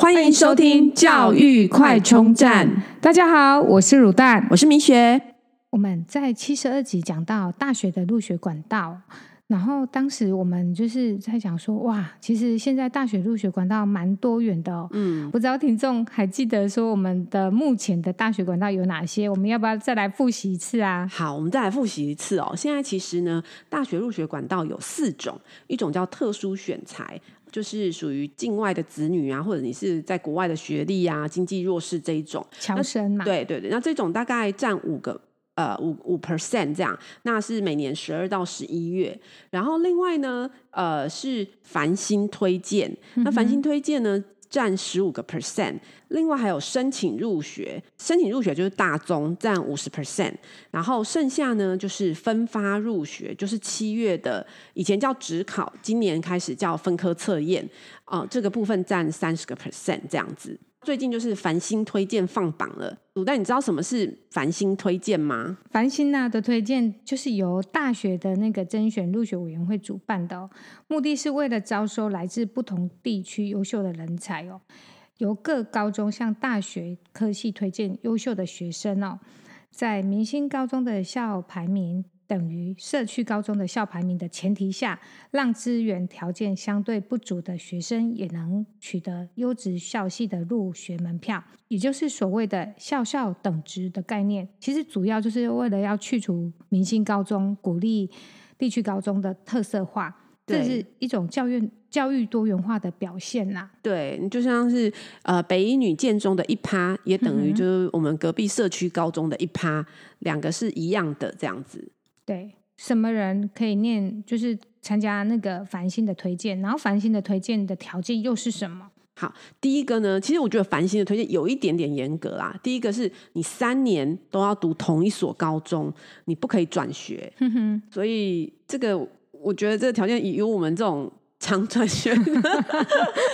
歡迎收聽教育快充站。大家好，我是乳蛋，我是米雪。我們在七十二集講到大學的入學管道，然後當時我們就是在講說，哇，其實現在大學入學管道蠻多元的哦。嗯，不知道聽眾還記得說我們的目前的大學管道有哪些？我們要不要再來複習一次啊？好，我們再來複習一次哦。現在其實呢，大學入學管道有四種，一種叫特殊選才。就是屬於境外的子女啊，或者你是在國外的學歷啊，經濟弱勢這一種，僑生嘛？對對對，那這種大概占五個呃五五 percent 這樣，那是每年十二到十一月。然後另外呢，呃，是繁星推薦，那繁星推薦呢？嗯佔十五個 percent，另外還有申請入學，申請入學就是大宗佔五十 percent，然後剩下呢就是分發入學，就是七月的以前叫指考，今年開始叫分科測驗，哦，這個部分佔三十個 percent 這樣子。最近就是繁星推薦放榜了，魯蛋，你知道什麼是繁星推薦嗎？繁星吶、啊、的推薦就是由大學的那個甄選入學委員會主辦的、哦，目的是為了招收來自不同地區優秀的人才哦。由各高中向大學科系推薦優秀的學生哦，在明星高中的校排名。等於社區高中的校排名的前提下，讓資源條件相對不足的學生也能取得優質校系的入學門票，也就是所謂的校校等值的概念。其實主要就是為了要去除明星高中，鼓勵地區高中的特色化，對這是一種教育教育多元化的表現吶、啊。對，就像是呃北一女建中的一趴，也等於就是我們隔壁社區高中的一趴，嗯、哼兩個是一樣的這樣子。對，什麼人可以念？就是參加那個繁星的推薦，然後繁星的推薦的條件又是什麼？好，第一個呢，其實我覺得繁星的推薦有一點點嚴格啦。第一個是你三年都要讀同一所高中，你不可以轉學。哼、嗯、哼，所以這個我覺得這個條件有我們這種常轉學，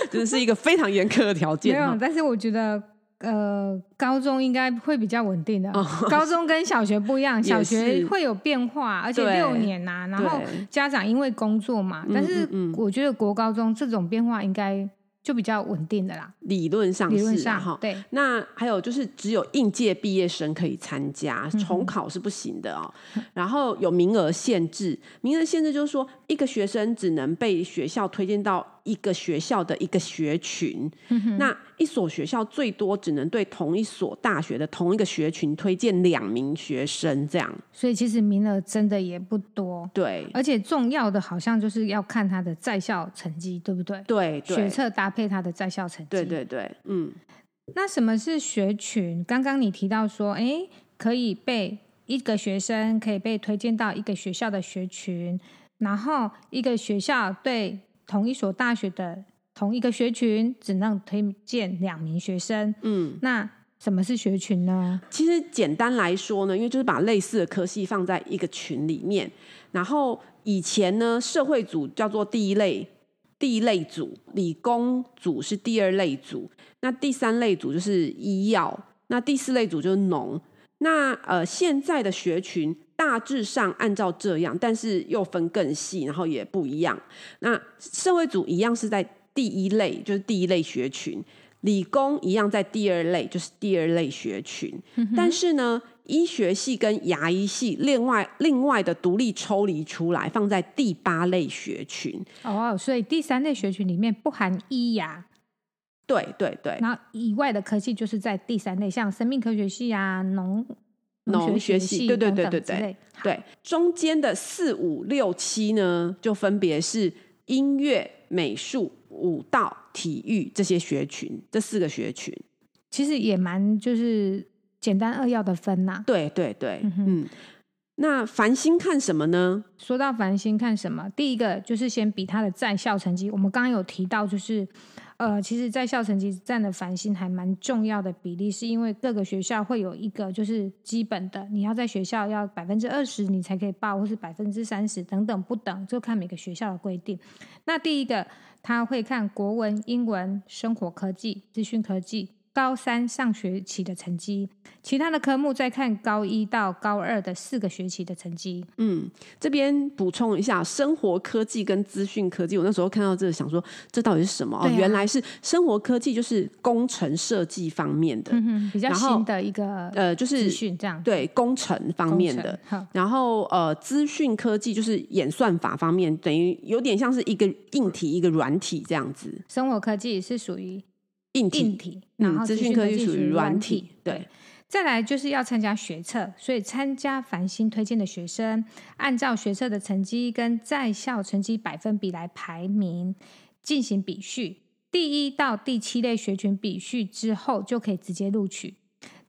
真的 是一個非常嚴格的條件。 沒有，但是我覺得。呃，高中應該會比較穩定的。哦、高中跟小學不一樣，是小學會有變化，對而且六年吶、啊。對然後家長因為工作嘛，嗯、但是我覺得國高中這種變化應該就比較穩定的啦。理論上是啊、理論上，理論上哈。對。那還有就是只有應屆畢業生可以參加，重考是不行的哦。 然後有名額限制，名額限制就是說一個學生只能被學校推薦到。一個學校的一個學群，呵呵，那一所學校最多只能對同一所大學的同一個學群推薦兩名學生，這樣。所以其實名額真的也不多。對，而且重要的好像就是要看他的在校成績，對不對？對，對，學測搭配他的在校成績。對對對，嗯。那什麼是學群？剛剛你提到說，哎，可以被一個學生可以被推薦到一個學校的學群，然後一個學校對。同一所大學的同一個學群，只能推薦兩名學生。嗯，那什麼是學群呢？其實簡單來說呢，因為就是把類似的科系放在一個群裡面。然後以前呢，社會組叫做第一類，第一類組；理工組是第二類組。那第三類組就是醫藥，那第四類組就是農。那呃，現在的學群。大致上按照這樣，但是又分更細，然後也不一樣。那社會組一樣是在第一類，就是第一類學群；理工一樣在第二類，就是第二類學群。呵呵。但是呢，醫學系跟牙醫系另外另外的獨立抽離出來，放在第八類學群。哦，oh, 所以第三類學群裡面不含醫牙啊。對對對，那以外的科技就是在第三類，像生命科學系啊、農。No, 學習對對對對對對，好中間的四五六七呢，就分別是音樂、美術、舞蹈、體育這些學群，這四個學群其實也蠻就是簡單扼要的分吶、啊。對對對，嗯，哼嗯。那繁星看什麼呢？說到繁星看什麼，第一個就是先比他的在校成績，我們剛剛有提到就是。呃，其實在校成績占的繁星還蠻重要的比例，是因為各個學校會有一個就是基本的，你要在學校要百分之二十你才可以報，或是百分之三十等等不等，就看每個學校的規定。那第一個他會看國文、英文、生活科技、資訊科技。高三上學期的成績，其他的科目再看高一到高二的四個學期的成績。嗯，這邊補充一下，生活科技跟資訊科技，我那時候看到這個想說，這到底是什麼？啊、哦，原來是生活科技就是工程設計方面的、嗯，比較新的一個資訊呃，就是資訊這樣對工程方面的，然後呃，資訊科技就是演算法方面，等於有點像是一個硬體一個軟體這樣子。生活科技是屬於。硬體，硬體，嗯，然後資訊科技屬於軟體，對。對。再來就是要參加學測，所以參加繁星推薦的學生，按照學測的成績跟在校成績百分比來排名進行比序，第一到第七類學群比序之後就可以直接錄取，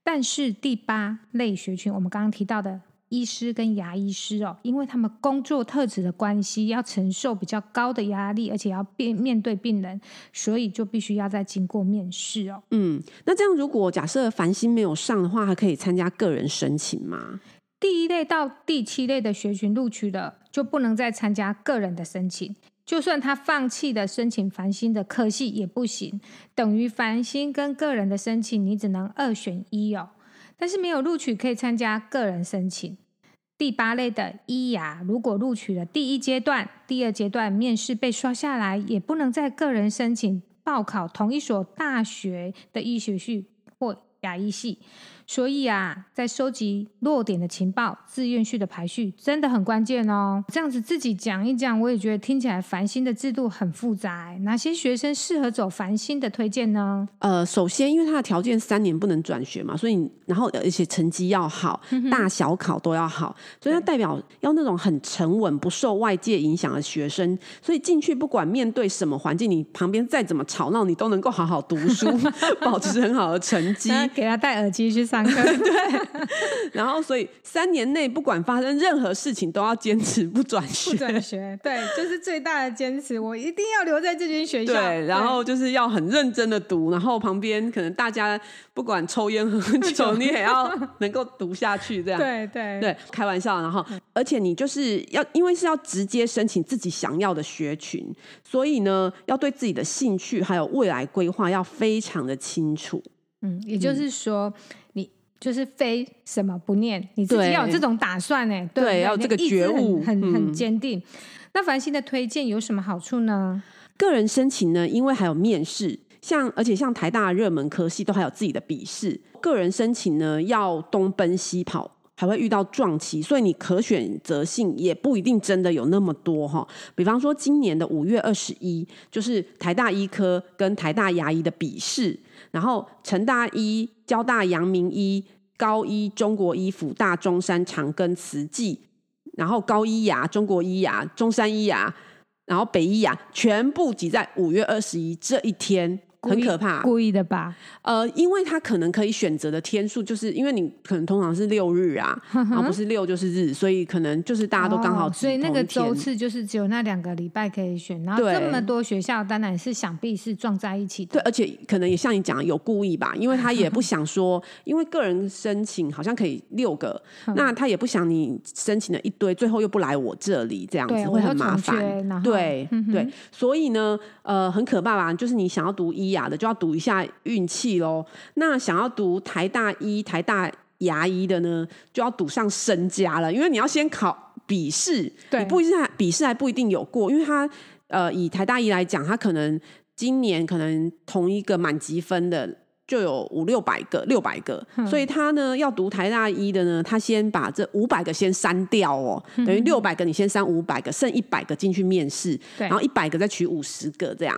但是第八類學群，我們剛剛提到的。醫師跟牙醫師哦，因為他們工作特質的關係，要承受比較高的壓力，而且要面面對病人，所以就必須要再經過面試哦。嗯，那這樣如果假設繁星沒有上的話，還可以參加個人申請嗎？第一類到第七類的學群錄取了，就不能再參加個人的申請。就算他放棄了申請繁星的科系，也不行，等於繁星跟個人的申請，你只能二選一哦。但是沒有錄取，可以參加個人申請。第八類的醫牙，如果錄取了第一階段、第二階段面試被刷下來，也不能在個人申請報考同一所大學的醫學系或牙醫系。所以啊，在收集落點的情報，志願序的排序真的很關鍵哦、喔。這樣子自己講一講，我也覺得聽起來繁星的制度很複雜、欸。哪些學生適合走繁星的推薦呢？呃，首先因為他的條件三年不能轉學嘛，所以然後而且成績要好， 大小考都要好，所以他代表要那種很沉穩、不受外界影響的學生。所以進去不管面對什麼環境，你旁邊再怎麼吵鬧，你都能夠好好讀書， 保持很好的成績。 給他戴耳機去上。 對，然後所以三年內不管發生任何事情，都要堅持不轉學。不轉學，對，就是最大的堅持。我一定要留在這間學校。對，然後就是要很認真的讀，然後旁邊可能大家不管抽菸喝酒，對你也要能夠讀下去。這樣，對對對，開玩笑。然後，而且你就是要，因為是要直接申請自己想要的學群，所以呢，要對自己的興趣還有未來規劃要非常的清楚。嗯，也就是說，嗯、你就是非什麼不念，嗯、你自己要有這種打算哎，對，要有對這個覺悟，很、嗯、很堅定。那繁星的推薦有什麼好處呢？個人申請呢，因為還有面試，像而且像台大熱門科系都還有自己的筆試。個人申請呢，要東奔西跑，還會遇到撞期，所以你可選擇性也不一定真的有那麼多哈。比方說，今年的五月二十一，就是台大醫科跟台大牙醫的筆試。然後一，成大醫、交大、陽明醫、高醫、中國醫、輔大、中山、長庚、慈濟，然後高醫牙、中國醫牙、中山醫牙，然後北醫牙，全部擠在五月二十一這一天。很可怕故，故意的吧？呃，因為他可能可以選擇的天數，就是因為你可能通常是六日啊，嗯、哼然後不是六就是日，所以可能就是大家都剛好、哦。所以那個周次就是只有那兩個禮拜可以選，然後這麼多學校當然是想必是撞在一起的。對，而且可能也像你講有故意吧，因為他也不想說，嗯、哼因為個人申請好像可以六個，嗯、那他也不想你申請了一堆，最後又不來我這裡，這樣子對會,會很麻煩。對後對，對嗯、哼所以呢，呃，很可怕吧？就是你想要讀醫。假的就要賭一下運氣嘍那想要讀台大醫、台大牙醫的呢，就要賭上身家了，因為你要先考筆試，對，你不一定筆試還不一定有過，因為他呃，以台大醫來講，他可能今年可能同一個滿級分的就有五六百個、六百個，嗯、所以他呢要讀台大醫的呢，他先把這五百個先刪掉哦，等於六百個你先刪五百個，嗯、剩一百個進去面試，對然後一百個再取五十個這樣。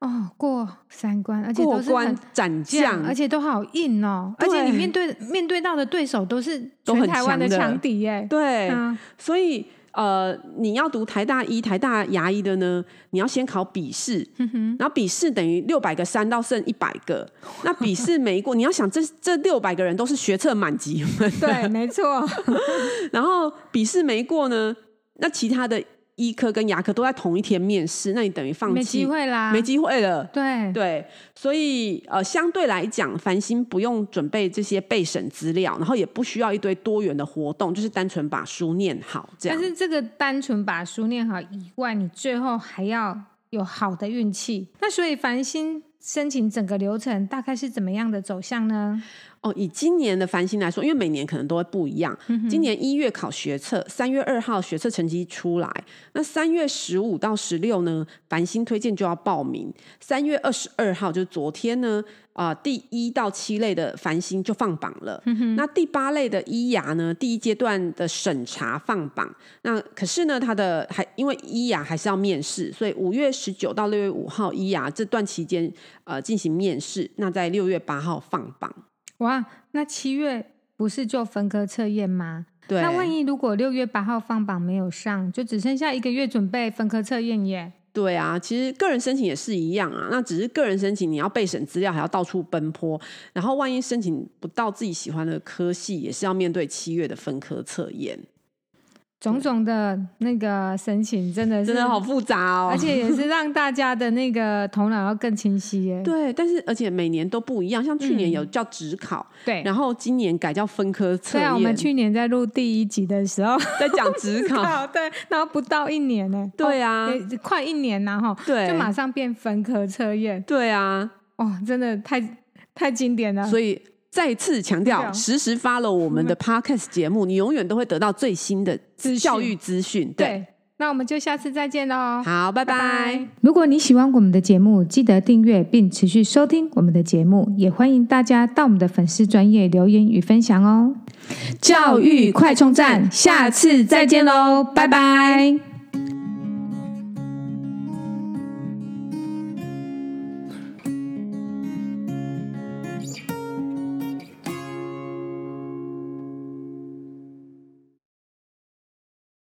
哦，過三關，而且過關斬將，而且都好硬哦。對而且你面對面對到的對手都是全台灣的強敵哎。對，啊、所以呃，你要讀台大醫、台大牙醫的呢，你要先考筆試，嗯、哼然後筆試等於六百個三到剩一百個。那筆試沒過， 你要想這這六百個人都是學測滿級。對，沒錯。 然後筆試沒過呢，那其他的。醫科跟牙科都在同一天面試，那你等於放棄沒機會啦，沒機會了。對對，所以呃，相對來講，繁星不用準備這些備審資料，然後也不需要一堆多元的活動，就是單純把書念好這樣。但是這個單純把書念好以外，你最後還要有好的運氣。那所以繁星申請整個流程大概是怎麼樣的走向呢？哦，以今年的繁星來說，因為每年可能都會不一樣。嗯、哼今年一月考學測，三月二號學測成績出來，那三月十五到十六呢，繁星推薦就要報名。三月二十二號，就是昨天呢，啊、呃，第一到七類的繁星就放榜了。嗯、哼那第八類的醫牙呢，第一階段的審查放榜。那可是呢，它的還因為醫牙還是要面試，所以五月十九到六月五號醫牙這段期間，呃，進行面試。那在六月八號放榜。哇，那七月不是做分科測驗嗎？對，那萬一如果六月八號放榜沒有上，就只剩下一個月準備分科測驗耶。對啊，其實個人申請也是一樣啊，那只是個人申請你要備審資料，還要到處奔波，然後萬一申請不到自己喜歡的科系，也是要面對七月的分科測驗。對種種的那個申請，真的是真的好複雜哦，而且也是讓大家的那個頭腦要更清晰耶。 對，但是而且每年都不一樣，像去年有叫指考，對、嗯，然後今年改叫分科測驗對、啊。我們去年在錄第一集的時候， 在講指考， 考，對，然後不到一年呢，對啊、欸，快一年然、啊、後對，就馬上變分科測驗。對啊，哇、哦，真的太太經典了。所以。再次強調，樣實時 follow 我們的 podcast 節目，嗯、你永遠都會得到最新的資訊、教育資訊。對，對，那我們就下次再見嘍。好，拜拜。如果你喜歡我們的節目，記得訂閱並持續收聽我們的節目，也歡迎大家到我們的粉絲專頁留言與分享哦。教育快充站，下次再見嘍拜，拜拜。